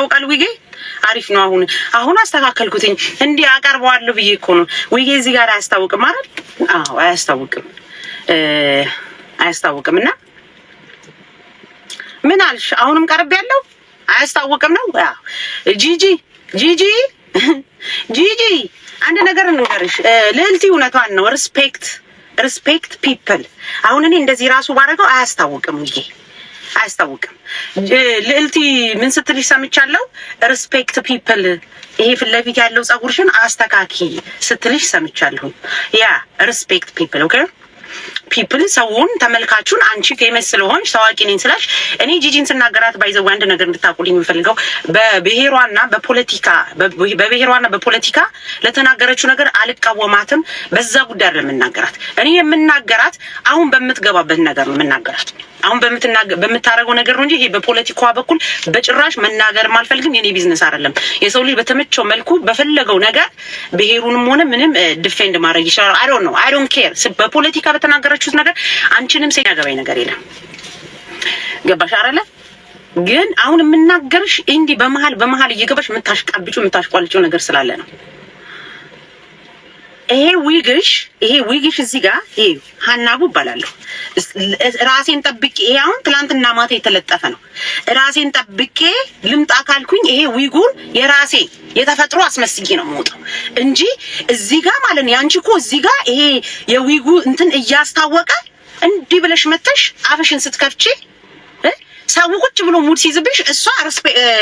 ያውቃል ዊጌ አሪፍ ነው። አሁን አሁን አስተካከልኩትኝ እንዲህ አቀርበዋለሁ ብዬ እኮ ነው ዊጌ እዚህ ጋር አያስታውቅም አይደል? አዎ አያስታውቅም፣ አያስታውቅም። እና ምን አልሽ? አሁንም ቀርብ ያለው አያስታውቅም ነው። ጂጂ ጂጂ ጂጂ አንድ ነገር እንገርሽ ልዕልቲ፣ እውነቷን ነው። ሪስፔክት ሪስፔክት ፒፕል። አሁን እኔ እንደዚህ ራሱ ባደረገው አያስታውቅም ዊጌ አያስታውቅም። ልዕልቲ ምን ስትልሽ ሰምቻለሁ? ሪስፔክት ፒፕል፣ ይሄ ፊት ለፊት ያለው ጸጉርሽን አስተካኪ ስትልሽ ሰምቻለሁ። ያ ሪስፔክት ፒፕል ኦኬ ፒፕል ሰውን ተመልካቹን አንቺ ፌመስ ስለሆንሽ ታዋቂ ነኝ ስላሽ እኔ ጂጂን ስናገራት ባይዘው አንድ ነገር እንድታቁልኝ የምፈልገው በብሔሯና በፖለቲካ በብሔሯና በፖለቲካ ለተናገረችው ነገር አልቃወማትም። በዛ ጉዳይ የምናገራት። እኔ የምናገራት አሁን በምትገባበት ነገር ነው የምናገራት። አሁን በምታደርገው ነገር ነው እንጂ ይሄ በፖለቲካዋ በኩል በጭራሽ መናገር አልፈልግም። የኔ ቢዝነስ አይደለም። የሰው ልጅ በተመቸው መልኩ በፈለገው ነገር ብሔሩንም ሆነ ምንም ዲፌንድ ማድረግ ይችላል። አይ ዶንት ኬር በፖለቲካ በተናገረ የተናገረችሁት ነገር አንቺንም ሴት ያገባኝ ነገር የለም። ገባሽ አይደለ? ግን አሁን የምናገርሽ እንዲህ በመሀል በመሀል እየገባሽ የምታሽቃብጩ የምታሽቋልጭው ነገር ስላለ ነው። ይሄ ዊግሽ ይሄ ዊግሽ እዚህ ጋር ይሄ ሀናቡ እባላለሁ። ራሴን ጠብቄ ይሄ አሁን ትላንትና ማታ የተለጠፈ ነው። ራሴን ጠብቄ ልምጣ ካልኩኝ ይሄ ዊጉን የራሴ የተፈጥሮ አስመስጌ ነው የምወጣው እንጂ እዚህ ጋር ማለት ነው። ያንቺ እኮ እዚህ ጋር ይሄ የዊጉ እንትን እያስታወቀ እንዲህ ብለሽ መተሽ አፍሽን ስትከፍቼ ሰው ቁጭ ብሎ ሙድ ሲይዝብሽ እሷ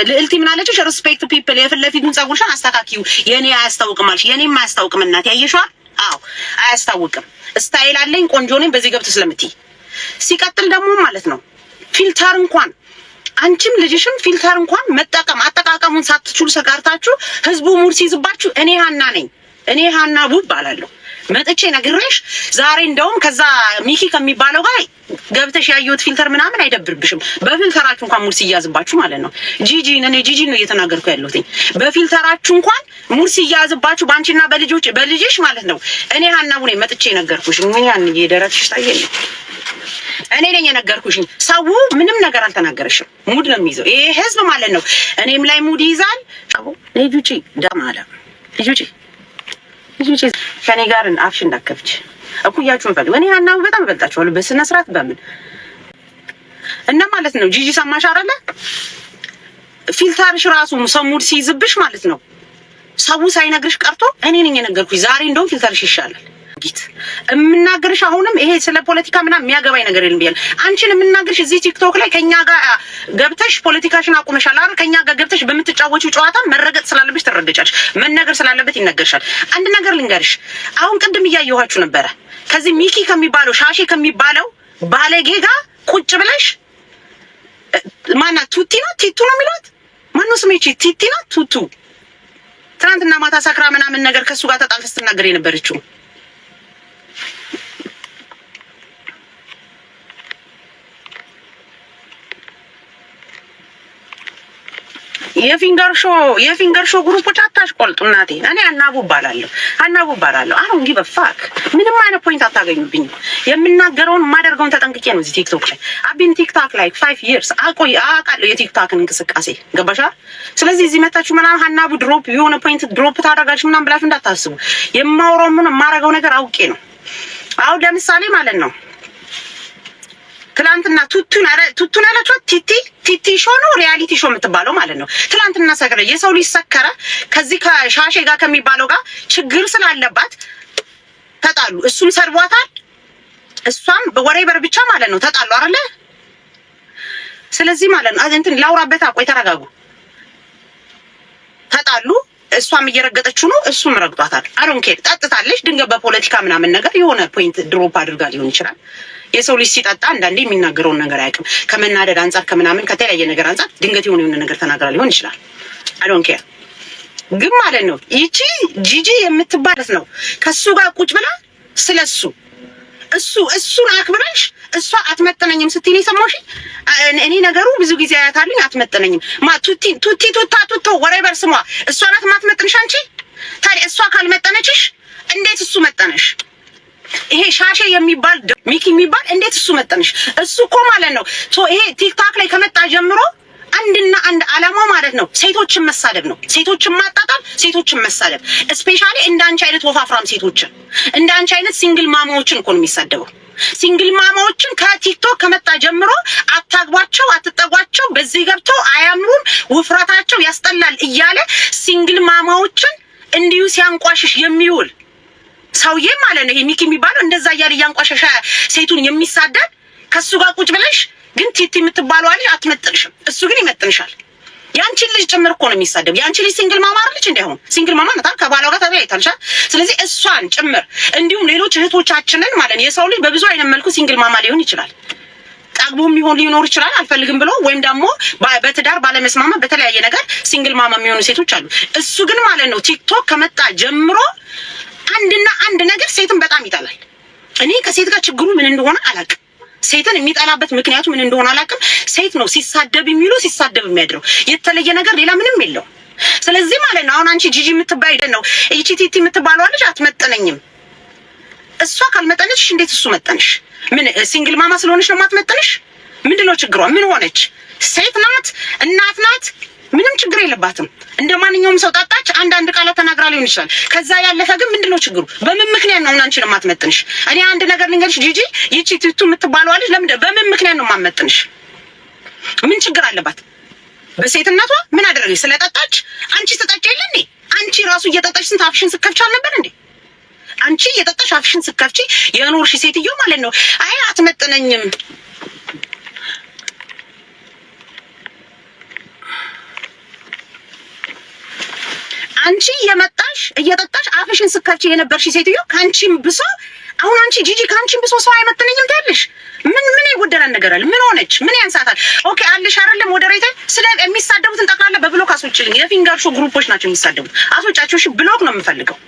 ልዕልቲ ምናለችሽ? ሪስፔክት ፒፕል የፊት ለፊቱን ጸጉርሽን አስተካክዩ። የኔ አያስታውቅም አልሽ። የኔም አያስታውቅም እናት ያየሽዋል። አዎ አያስታውቅም። ስታይል አለኝ ቆንጆ ነኝ በዚህ ገብት ስለምትይ ሲቀጥል ደግሞ ማለት ነው ፊልተር እንኳን አንቺም ልጅሽም ፊልተር እንኳን መጠቀም አጠቃቀሙን ሳትችሉ ሰጋርታችሁ ህዝቡ ሙድ ሲይዝባችሁ እኔ ሀና ነኝ እኔ ሀና ቡ እባላለሁ መጥቼ ነግሬሽ ዛሬ እንደውም ከዛ ሚኪ ከሚባለው ጋር ገብተሽ ያየሁት ፊልተር ምናምን አይደብርብሽም። በፊልተራችሁ እንኳን ሙርሲ ሲያዝባችሁ ማለት ነው። ጂጂን እኔ ጂጂን ነው እየተናገርኩ ያለሁትኝ። በፊልተራችሁ እንኳን ሙርሲ ሲያዝባችሁ በአንቺና በልጆች በልጅሽ ማለት ነው። እኔ ሀናቡ ቡኔ መጥቼ ነገርኩሽ። ምን ያን የደረትሽ ታየኝ እኔ ነኝ የነገርኩሽ። ሰው ምንም ነገር አልተናገረሽም። ሙድ ነው የሚይዘው ይሄ ህዝብ ማለት ነው። እኔም ላይ ሙድ ይይዛል። ጫቦ ልጅ ውጪ ደም አለ ልጅ ውጪ ልጅ ከኔ ጋር አፍሽ እንዳከፍች እኩያችሁን ፈልጉ። እኔ ያናው በጣም እበልጣችኋለሁ በስነ ስርዓት በምን እና ማለት ነው። ጂጂ ሰማሽ አይደለ? ፊልተርሽ ራሱ ሰሙድ ሲይዝብሽ ማለት ነው። ሰው ሳይነግርሽ ቀርቶ እኔ ነኝ የነገርኩሽ። ዛሬ እንደውም ፊልተርሽ ይሻላል። ማርጊት የምናገርሽ አሁንም ይሄ ስለ ፖለቲካ ምናምን የሚያገባኝ ነገር የለም ብያለሁ። አንቺን የምናገርሽ እዚህ ቲክቶክ ላይ ከኛ ጋር ገብተሽ ፖለቲካሽን አቁመሻል አይደል? ከኛ ጋር ገብተሽ በምትጫወቹ ጨዋታ መረገጥ ስላለብሽ ትረገጫለሽ፣ መነገር ስላለበት ይነገርሻል። አንድ ነገር ልንገርሽ። አሁን ቅድም እያየኋችሁ ነበረ ከዚህ ሚኪ ከሚባለው ሻሼ ከሚባለው ባለጌ ጋር ቁጭ ብለሽ ማና ቱቲ ነው ቲቱ ነው የሚሏት ማነው ስሜቺ ቲቲ ነው ቱቱ ትናንትና ማታ ሰክራ ምናምን ነገር ከእሱ ጋር ተጣልታ ስትናገር የነበረችው የፊንገር ሾ የፊንገር ሾ ግሩፖች አታሽቆልጡ እናቴ። እኔ አናቡ እባላለሁ፣ አናቡ እባላለሁ። አሁን ጊቭ አ ፋክ ምንም አይነት ፖይንት አታገኙብኝ። የምናገረውን የማደርገውን ተጠንቅቄ ነው እዚህ ቲክቶክ ላይ አቢን ቲክቶክ ላይ ፋይቭ ይርስ አቆይ አውቃለሁ የቲክቶክን እንቅስቃሴ ገባሻ። ስለዚህ እዚህ መታችሁ ምናምን አናቡ ድሮፕ የሆነ ፖይንት ድሮፕ ታደርጋችሁ ምናምን ብላችሁ እንዳታስቡ። የማውራው ምን የማደርገው ነገር አውቄ ነው። አሁን ለምሳሌ ማለት ነው ትላንትና ቱቱን አረ ቱቱን አላችሁ ቲቲ ቲቲ ሾ ነው ሪያሊቲ ሾ የምትባለው ማለት ነው። ትላንትና ሰከረ። የሰው ልጅ ሰከረ። ከዚህ ከሻሼ ጋር ከሚባለው ጋር ችግር ስላለባት ተጣሉ። እሱም ሰርቧታል፣ እሷም ወሬ በር ብቻ ማለት ነው ተጣሉ አይደለ? ስለዚህ ማለት ነው እንትን ላውራበት። አቆይ ተረጋጉ። ተጣሉ እሷም እየረገጠችው ነው፣ እሱም ረግጧታል። አዶንኬር ጠጥታለች። ድንገት በፖለቲካ ምናምን ነገር የሆነ ፖይንት ድሮፕ አድርጋ ሊሆን ይችላል። የሰው ልጅ ሲጠጣ አንዳንዴ የሚናገረውን ነገር አያውቅም። ከመናደድ አንጻር፣ ከምናምን ከተለያየ ነገር አንጻር ድንገት የሆነ የሆነ ነገር ተናግራ ሊሆን ይችላል። አዶንኬር ግን ማለት ነው ይቺ ጂጂ የምትባለት ነው ከሱ ጋር ቁጭ ብላ ስለሱ እሱ እሱን አክብረሽ እሷ አትመጥነኝም ስትል የሰማሽ እኔ ነገሩ ብዙ ጊዜ አያታሉኝ አትመጥነኝም ቱቲ ቱቲ ቱታ ቱቶ ወሬበር ስሟ እሷ ናት ማትመጥንሽ አንቺ ታዲያ እሷ ካልመጠነችሽ እንዴት እሱ መጠነሽ ይሄ ሻሼ የሚባል ሚኪ የሚባል እንዴት እሱ መጠነሽ እሱ እኮ ማለት ነው ይሄ ቲክታክ ላይ ከመጣ ጀምሮ አንድና አንድ አላማው ማለት ነው ሴቶችን መሳደብ ነው። ሴቶችን ማጣጣል፣ ሴቶችን መሳደብ። እስፔሻሊ እንደ አንቺ አይነት ወፋፍራም ሴቶችን እንደ አንቺ አይነት ሲንግል ማማዎችን እኮ ነው የሚሳደበው። ሲንግል ማማዎችን ከቲክቶክ ከመጣ ጀምሮ አታግቧቸው፣ አትጠጓቸው፣ በዚህ ገብተው አያምሩም፣ ውፍረታቸው ያስጠላል እያለ ሲንግል ማማዎችን እንዲሁ ሲያንቋሽሽ የሚውል ሰውዬ ማለት ነው። ይሄ ሚኪ የሚባለው እንደዛ እያለ እያንቋሸሸ ሴቱን የሚሳደብ ከሱ ጋር ቁጭ ብለሽ ግን ቲቲ የምትባለው ልጅ አትመጥንሽም። እሱ ግን ይመጥንሻል። ያንቺን ልጅ ጭምር እኮ ነው የሚሳደብ። ያንቺ ልጅ ሲንግል ማማር ልጅ እንዲያውም ሲንግል ማማ ነታል ከባሏ ጋር ተለያይታለች። ስለዚህ እሷን ጭምር እንዲሁም ሌሎች እህቶቻችንን ማለት የሰው ልጅ በብዙ አይነት መልኩ ሲንግል ማማ ሊሆን ይችላል። ጠግቦ የሚሆን ሊኖር ይችላል አልፈልግም ብሎ ወይም ደግሞ በትዳር ባለመስማማ በተለያየ ነገር ሲንግል ማማ የሚሆኑ ሴቶች አሉ። እሱ ግን ማለት ነው ቲክቶክ ከመጣ ጀምሮ አንድና አንድ ነገር ሴትን በጣም ይጠላል። እኔ ከሴት ጋር ችግሩ ምን እንደሆነ አላውቅም። ሴትን የሚጠላበት ምክንያቱ ምን እንደሆነ አላውቅም። ሴት ነው ሲሳደብ የሚሉ ሲሳደብ የሚያድረው። የተለየ ነገር ሌላ ምንም የለው። ስለዚህ ማለት ነው አሁን አንቺ ጂጂ የምትባይ ነው ኤችቲቲ የምትባለዋ ልጅ አትመጠነኝም። እሷ ካልመጠነችሽ እንዴት እሱ መጠንሽ? ምን ሲንግል ማማ ስለሆነች ነው ማትመጠንሽ? ምንድነው ችግሯ? ምን ሆነች? ሴት ናት፣ እናት ናት ምንም ችግር የለባትም። እንደ ማንኛውም ሰው ጠጣች፣ አንዳንድ ቃላት ተናግራ ሊሆን ይችላል። ከዛ ያለፈ ግን ምንድነው ችግሩ? በምን ምክንያት ነው እናንቺን የማትመጥንሽ? እኔ አንድ ነገር ልንገርሽ ጂጂ፣ ይቺ ትቱ የምትባለዋ ልጅ ለምን በምን ምክንያት ነው የማትመጥንሽ? ምን ችግር አለባት? በሴትነቷ ምን አደረገች? ስለጠጣች አንቺ ስጠጭ የለ አንቺ ራሱ እየጠጣች ስንት አፍሽን ስከፍች አልነበር እንዴ? አንቺ እየጠጣሽ አፍሽን ስከፍቺ የኖርሽ ሴትዮ ማለት ነው። አይ አትመጥነኝም አንቺ እየመጣሽ እየጠጣሽ አፍሽን ስከፍቺ የነበርሽ ሴትዮ ከአንቺም ብሶ አሁን አንቺ ጂጂ ከአንቺም ብሶ ሰው አይመጥነኝም ትያለሽ። ምን ምን የጎደላን ነገር አለ? ምን ሆነች? ምን ያንሳታል? ኦኬ አለሽ አይደለም ወደ ስለ የሚሳደቡትን ጠቅላላ በብሎክ አስወጪልኝ። የፊንገር ሾ ግሩፖች ናቸው የሚሳደቡት፣ አስወጫቸው። እሺ ብሎክ ነው የምፈልገው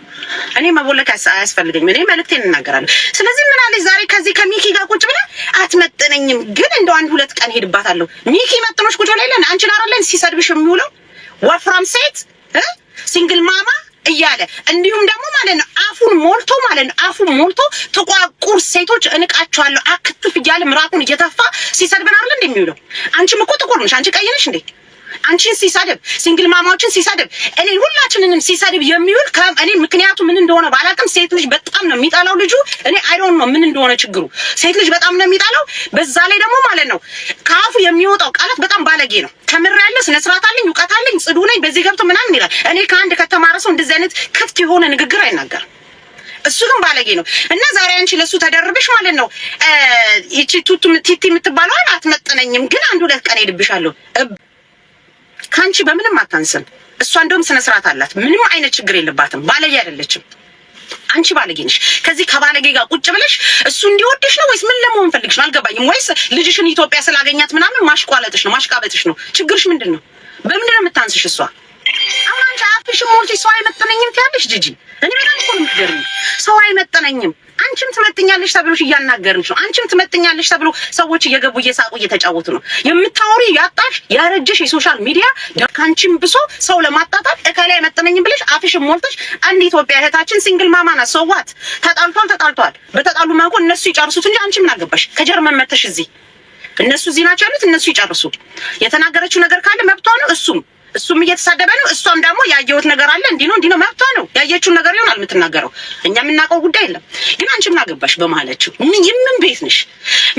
እኔ መቦለክ አያስፈልገኝም። እኔ መልእክቴን እናገራለሁ። ስለዚህ ምን አለች ዛሬ ከዚህ ከሚኪ ጋር ቁጭ ብለ አትመጥነኝም፣ ግን እንደ አንድ ሁለት ቀን ሄድባታለሁ። ሚኪ መጥኖች ቁጭ ብላ የለን አንቺን ሲሰድብሽ የሚውለው ወፍራም ሴት ሲንግል ማማ እያለ እንዲሁም ደግሞ ማለት ነው አፉን ሞልቶ ማለት ነው አፉን ሞልቶ ጥቋቁር ሴቶች እንቃቸዋለሁ አክትፍ እያለ ምራቁን እየተፋ ሲሰድብን አይደል እንደሚውለው። አንቺም እኮ ጥቁር ነሽ፣ አንቺ ቀይ ነሽ እንዴ? አንቺን ሲሰድብ፣ ሲንግል ማማዎችን ሲሰድብ፣ እኔ ሁላችንንም ሲሰድብ የሚውል እኔ ምክንያቱ ምን እንደሆነ ባላቅም ሴት ልጅ በጣም ነው የሚጠላው ልጁ። እኔ አይዶን ነው ምን እንደሆነ ችግሩ። ሴት ልጅ በጣም ነው የሚጠላው። በዛ ላይ ደግሞ ማለት ነው ከአፉ የሚወጣው ቃላት በጣም ባለጌ ነው። ከምር ያለ ስነ ስርዓት አለኝ፣ እውቀት አለኝ፣ ጽዱ ነኝ፣ በዚህ ገብቶ ምናምን ይላል። እኔ ከአንድ ከተማረ ሰው እንደዚህ አይነት ክፍት የሆነ ንግግር አይናገርም። እሱ ግን ባለጌ ነው እና ዛሬ አንቺ ለሱ ተደርብሽ ማለት ነው። ይቺ ቱቱ ቲቲ የምትባለው አትመጥነኝም፣ ግን አንድ ሁለት ቀን ሄድብሻለሁ ከአንቺ በምንም አታንስም። እሷ እንደውም ስነ ስርዓት አላት። ምንም አይነት ችግር የለባትም። ባለጌ አይደለችም። አንቺ ባለጌ ነሽ። ከዚህ ከባለጌ ጋር ቁጭ ብለሽ እሱ እንዲወድሽ ነው ወይስ ምን ለመሆን ፈልግሽ ነው? አልገባኝም። ወይስ ልጅሽን ኢትዮጵያ ስላገኛት ምናምን ማሽቋለጥሽ ነው? ማሽቃበጥሽ ነው? ችግርሽ ምንድን ነው? በምንድን ነው የምታንስሽ እሷ? አሁን አንቺ አፍሽን ሞልተሽ ሰው አይመጥነኝም ትያለሽ ጂጂ። እኔ በጣም እኮ ነው የምትገርሚው። ሰው አይመጥነኝም አንቺም ትመጥኛለሽ ተብሎ እያናገርንሽ ነው። አንቺም ትመጥኛለሽ ተብሎ ሰዎች እየገቡ እየሳቁ እየተጫወቱ ነው። የምታወሪ ያጣሽ ያረጀሽ የሶሻል ሚዲያ ከአንቺም ብሶ ሰው ለማጣጣል እከላይ መጠነኝ ብለሽ አፍሽን ሞልተሽ አንድ ኢትዮጵያ እህታችን ሲንግል ማማ ናት። ሰዋት ተጣልቷል፣ ተጣልቷል። በተጣሉ ማጎ እነሱ ይጨርሱት እንጂ አንቺ ምን አገባሽ? ከጀርመን መተሽ እዚህ እነሱ እዚህ ናቸው ያሉት፣ እነሱ ይጨርሱ። የተናገረችው ነገር ካለ መብቷ ነው። እሱም እሱም እየተሳደበ ነው። እሷም ደግሞ ያየሁት ነገር አለ እንዲህ ነው እንዲህ ነው መብቷ ነው። ያየችውን ነገር ይሆናል የምትናገረው። እኛ የምናውቀው ጉዳይ የለም። ግን አንቺ ምን አገባሽ በመሀላችሁ? የምን ቤት ነሽ?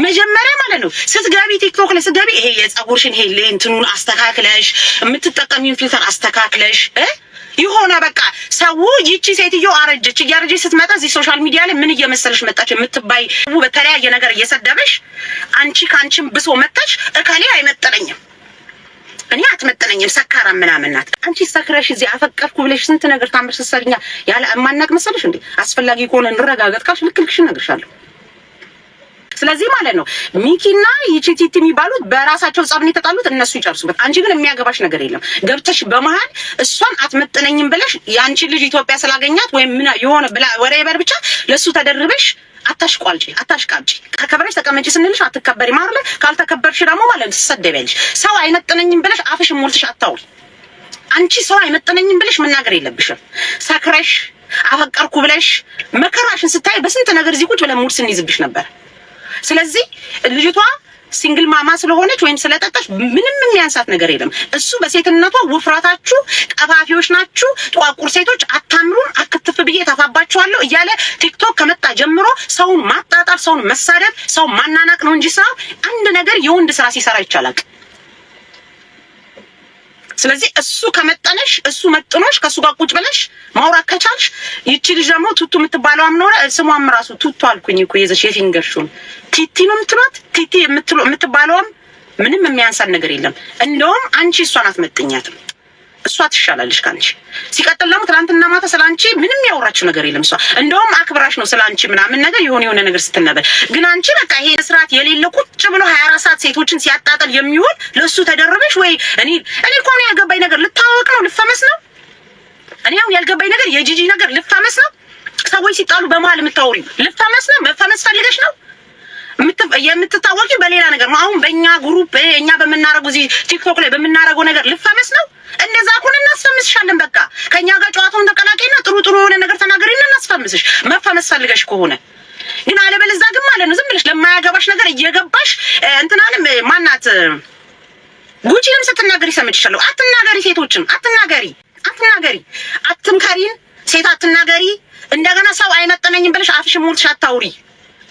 መጀመሪያ ማለት ነው ስትገቢ ቲክቶክ ላይ ስትገቢ ይሄ የጸጉርሽን ይሄ እንትኑን አስተካክለሽ የምትጠቀሚውን ፊልተር አስተካክለሽ የሆነ በቃ ሰው ይቺ ሴትዮ አረጀች እያረጀች ስትመጣ እዚህ ሶሻል ሚዲያ ላይ ምን እየመሰለሽ መጣች የምትባይ በተለያየ ነገር እየሰደበሽ አንቺ ከአንቺም ብሶ መጣች እከሌ አትገናኝም፣ ሰካራ ምናምን ናት። አንቺ ሰክረሽ እዚህ አፈቀርኩ ብለሽ ስንት ነገር ታምር ስትሰሪኛ ያለ ማናቅ መሰለሽ እንዴ? አስፈላጊ ከሆነ እንረጋገጥ ካልሽ ልክ እነግርሻለሁ። ስለዚህ ማለት ነው ሚኪና ይቺቲቲ የሚባሉት በራሳቸው ጸብ ነው የተጣሉት፣ እነሱ ይጨርሱበት። አንቺ ግን የሚያገባሽ ነገር የለም። ገብተሽ በመሀል እሷን አትመጥነኝም ብለሽ የአንቺን ልጅ ኢትዮጵያ ስላገኛት ወይም የሆነ ወሬ በር ብቻ ለሱ ተደርበሽ አታሽቋልጪ፣ አታሽቃልጪ። ተከብረሽ ተቀመጪ ስንልሽ አትከበሪ ማርለ ካልተከበርሽ ደግሞ ማለት ትሰደቢያለሽ። ሰው አይመጥነኝም ብለሽ አፍሽ ሞልትሽ አታውል። አንቺ ሰው አይመጥነኝም ብለሽ መናገር የለብሽም። ሰክረሽ አፈቀርኩ ብለሽ መከራሽን ስታይ በስንት ነገር እዚህ ቁጭ ብለን ሙድ ስንይዝብሽ ነበር። ስለዚህ ልጅቷ ሲንግል ማማ ስለሆነች ወይም ስለጠጣች ምንም የሚያንሳት ነገር የለም። እሱ በሴትነቷ ውፍራታችሁ ቀፋፊዎች ናችሁ፣ ጥቋቁር ሴቶች አታምሩም፣ አክትፍ ብዬ ተፋባችኋለሁ እያለ ቲክቶክ ከመጣ ጀምሮ ሰውን ማጣጣር፣ ሰውን መሳደብ፣ ሰውን ማናናቅ ነው እንጂ ስራው አንድ ነገር የወንድ ስራ ሲሰራ ይቻላል። ስለዚህ እሱ ከመጠነሽ እሱ መጥኖሽ ከእሱ ጋር ቁጭ ብለሽ ማውራት ከቻልሽ ይቺ ልጅ ደግሞ ቱቱ የምትባለው ስሟም ራሱ ቱቱ አልኩኝ እኮ የዘሽ የፊንገርሹን ቲቲ ነው የምትሏት። ቲቲ የምትባለውም ምንም የሚያንሳን ነገር የለም። እንደውም አንቺ እሷን አትመጥኛትም። እሷ ትሻላለች ከአንቺ። ሲቀጥል ደግሞ ትናንትና ማታ ስለ አንቺ ምንም ያወራችው ነገር የለም። እሷ እንደውም አክብራሽ ነው ስለ አንቺ ምናምን ነገር የሆነ የሆነ ነገር ስትነበር፣ ግን አንቺ በቃ ይሄ ስርዓት የሌለ ቁጭ ብሎ ሀያ አራት ሰዓት ሴቶችን ሲያጣጠል የሚሆን ለእሱ ተደረበች ወይ? እኔ እኔ እኮ ያልገባኝ ነገር ልታወቅ ነው ልፈመስ ነው። እኔ አሁን ያልገባኝ ነገር የጂጂ ነገር ልፈመስ ነው። ሰዎች ሲጣሉ በመሀል የምታወሪ ልፈመስ ነው። መፈመስ ፈልገሽ ነው የምትታወቂ በሌላ ነገር ነው። አሁን በእኛ ግሩፕ እኛ በምናረጉ እዚህ ቲክቶክ ላይ በምናረገው ነገር ልፈመስ ነው። እንደዛ ኩን እናስፈምስሻለን። በቃ ከእኛ ጋር ጨዋታውን ተቀላቂና ጥሩ ጥሩ የሆነ ነገር ተናገሪና እናስፈምስሽ። መፈመስ ፈልገሽ ከሆነ ግን አለበለዚያ ግን ማለት ነው ዝም ብለሽ ለማያገባሽ ነገር እየገባሽ እንትናንም ማናት ጉቺንም ስትናገሪ ሰምቼሻለሁ። አትናገሪ፣ ሴቶችን አትናገሪ፣ አትናገሪ፣ አትምከሪን፣ ሴት አትናገሪ። እንደገና ሰው አይመጠነኝም ብለሽ አፍሽ ሙልሽ አታውሪ።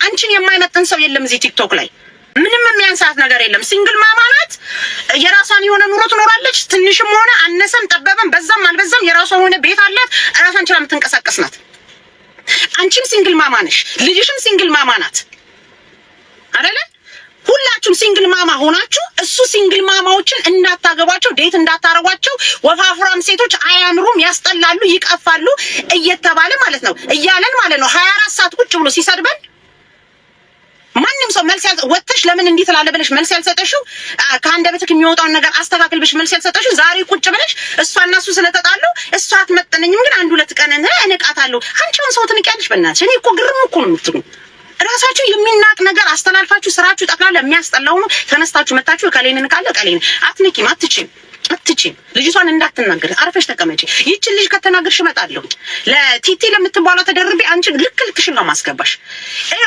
አንቺን የማይመጥን ሰው የለም እዚህ ቲክቶክ ላይ ምንም የሚያንሳት ነገር የለም። ሲንግል ማማ ናት። የራሷን የሆነ ኑሮ ትኖራለች። ትንሽም ሆነ አነሰም ጠበበም በዛም አልበዛም የራሷ የሆነ ቤት አላት። ራሷን ችላ የምትንቀሳቀስ ናት። አንቺም ሲንግል ማማ ነሽ፣ ልጅሽም ሲንግል ማማ ናት አደለ? ሁላችሁም ሲንግል ማማ ሆናችሁ እሱ ሲንግል ማማዎችን እንዳታገቧቸው፣ ዴት እንዳታረጓቸው። ወፋፍራም ሴቶች አያምሩም፣ ያስጠላሉ፣ ይቀፋሉ እየተባለ ማለት ነው እያለን ማለት ነው ሀያ አራት ሰዓት ቁጭ ብሎ ሲሰድበን ማንም ሰው መልስ ያል ወጥተሽ ለምን እንዲህ ትላለህ ብለሽ መልስ ያልሰጠሽው ከአንድ አበትክ የሚወጣውን ነገር አስተካክል ብለሽ መልስ ያልሰጠሽው ዛሬ ቁጭ ብለሽ እሷ እና እሱ ስለተጣሉ እሷ አትመጠነኝም፣ ግን አንድ ሁለት ቀን እንቃታለሁ። አንቺውን ሰው ትንቂያለሽ። በእናትሽ እኔ እኮ ግርም እኮ ነው የምትሉኝ። ራሳችሁ የሚናቅ ነገር አስተላልፋችሁ ስራችሁ ጠቅላላ የሚያስጠላው ነው። ተነስታችሁ መታችሁ እከሌን እንቃለ እከሌን አትንቂም፣ አትችይም አትችም። ልጅቷን እንዳትናገር አርፈሽ ተቀመጪ። ይችን ልጅ ከተናገርሽ እመጣለሁ። ለቲቲ ለምትባለው ተደርቤ አንቺን ልክ ልክሽን ነው ማስገባሽ።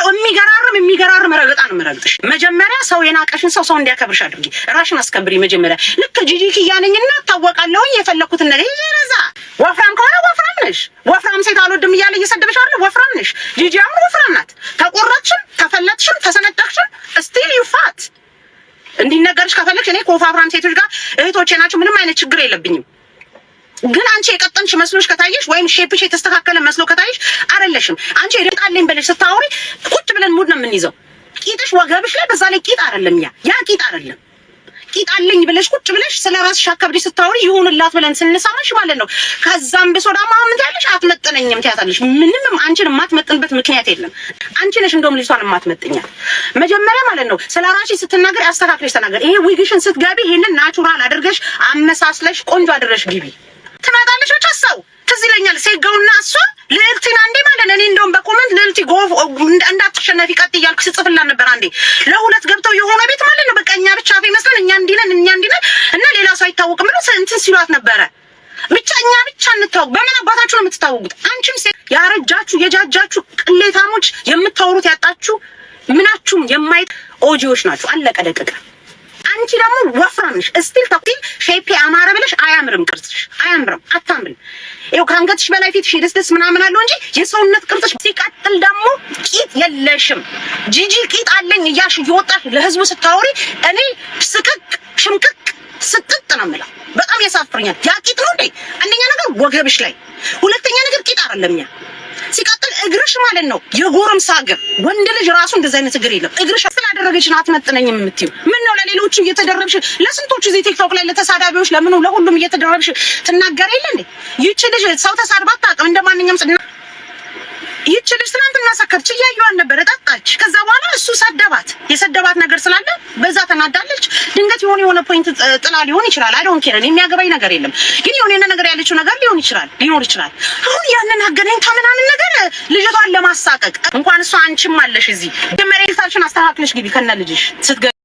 የሚገራርም የሚገራርም ረገጣ ነው የምረግጥሽ። መጀመሪያ ሰው የናቀሽን ሰው ሰው እንዲያከብርሽ አድርጊ። ራሽን አስከብሪ መጀመሪያ። ልክ ጂጂ ክያነኝ እና እታወቃለሁኝ የፈለግኩትን ነገር ይረዛ። ወፍራም ከሆነ ወፍራም ነሽ። ወፍራም ሴት አልወድም እያለ እየሰደበሽ አለ። ወፍራም ነሽ ጂጂ። አሁን ወፍራም ናት። ተቆራችም፣ ተፈለጥሽም፣ ተሰነጠቅሽም ስቲል ዩ ፋት እንዲነገርሽ ከፈለግሽ እኔ ኮፋፍራም ሴቶች ጋር እህቶቼ ናቸው፣ ምንም አይነት ችግር የለብኝም። ግን አንቺ የቀጠንሽ መስሎሽ ከታየሽ ወይም ሼፕሽ የተስተካከለ መስሎ ከታየሽ አይደለሽም። አንቺ የደጣለኝ ብለሽ ስታወሪ ቁጭ ብለን ሙድ ነው የምንይዘው። ቂጥሽ ወገብሽ ላይ በዛ ላይ ቂጥ አይደለም ያ ያ ቂጥ አይደለም ቂጥ አለኝ ብለሽ ቁጭ ብለሽ ስለ ራስሽ አካብሪ ስታወሪ ይሁንላት ብለን ስንሰማሽ ማለት ነው። ከዛም ብሶ ዳማ ምን ትያለሽ? አትመጥነኝም ትያታለሽ። ምንም አንቺን የማትመጥንበት ምክንያት የለም። አንቺ ነሽ እንደውም ልጅቷን የማትመጥኛት መጀመሪያ ማለት ነው። ስለ ራስሽ ስትናገር አስተካክለሽ ተናገር። ይሄ ዊግሽን ስትገቢ ይሄንን ናቹራል አድርገሽ አመሳስለሽ ቆንጆ አድርገሽ ግቢ። ትመጣለሽ ብቻ ሰው ትዝ ይለኛል ሴጋውና እሷ ልዕልቲን አንዴ ማለት እኔ እንደውም በኮመንት ልዕልቲ ጎ እንዳትሸነፊ ቀጥ እያልኩ ስጽፍላ ነበር። አንዴ ለሁለት ገብተው የሆነ ቤት ብቻ መስለን እኛ እንዲነን እኛ እንዲነን እና ሌላ ሰው አይታወቅም ብሎ እንትን ሲሏት ነበረ። ብቻ እኛ ብቻ እንታወቅ። በምን አባታችሁ ነው የምትታወቁት? አንቺም ሴ ያረጃችሁ፣ የጃጃችሁ ቅሌታሞች፣ የምታወሩት ያጣችሁ ምናችሁም የማይት ኦጂዎች ናችሁ። አለቀ ደቀቀ። አንቺ ደግሞ ወፍራምሽ ነሽ እስቲል ተቁጢል ሼፔ አማረ ብለሽ አያምርም፣ ቅርጽሽ አያምርም፣ አታምርም። ይኸው ከአንገትሽ በላይ ፊትሽ ደስደስ ምናምን አለው እንጂ የሰውነት ቅርጽሽ ሲቀጥል ደግሞ ቂጥ የለሽም። ጂጂ ቂጥ አለኝ እያልሽ እየወጣሽ ለህዝቡ ስታወሪ እኔ ስቅቅ ሽምቅቅ ስቅቅ ነው የምለው። በጣም ያሳፍርኛል። ያ ቂጥ ነው እንዴ? አንደኛ ነገር ወገብሽ ላይ፣ ሁለተኛ ነገር ቂጥ አይደለም ያ ሲቀጥል እግርሽ ማለት ነው የጎረምሳ እግር። ወንድ ልጅ ራሱ እንደዚህ አይነት እግር የለም። እግርሽ ስላደረገች ናት መጥነኝ የምትይው ምን ነው? ለሌሎቹ እየተደረብሽ ለስንቶቹ እዚህ ቲክቶክ ላይ ለተሳዳቢዎች ለምኑ ለሁሉም እየተደረብሽ ትናገር የለ እንዴ? ይቺ ልጅ ሰው ተሳድባ አታውቅም እንደማንኛውም ይህች ልጅ ትናንትና ሰከረች፣ እያየዋን ነበረ፣ ጠጣች። ከዛ በኋላ እሱ ሰደባት። የሰደባት ነገር ስላለ በዛ ተናዳለች። ድንገት የሆነ የሆነ ፖይንት ጥላ ሊሆን ይችላል። አይ ዶንት ኬር የሚያገባኝ ነገር የለም። ግን የሆነ ነገር ያለችው ነገር ሊሆን ይችላል ሊኖር ይችላል። አሁን ያንን አገናኝታ ምናምን ነገር ልጅቷን ለማሳቀቅ እንኳን እሷ አንቺም አለሽ እዚህ መሬታችን አስተካክለሽ ግቢ ከነ ልጅሽ ስትገ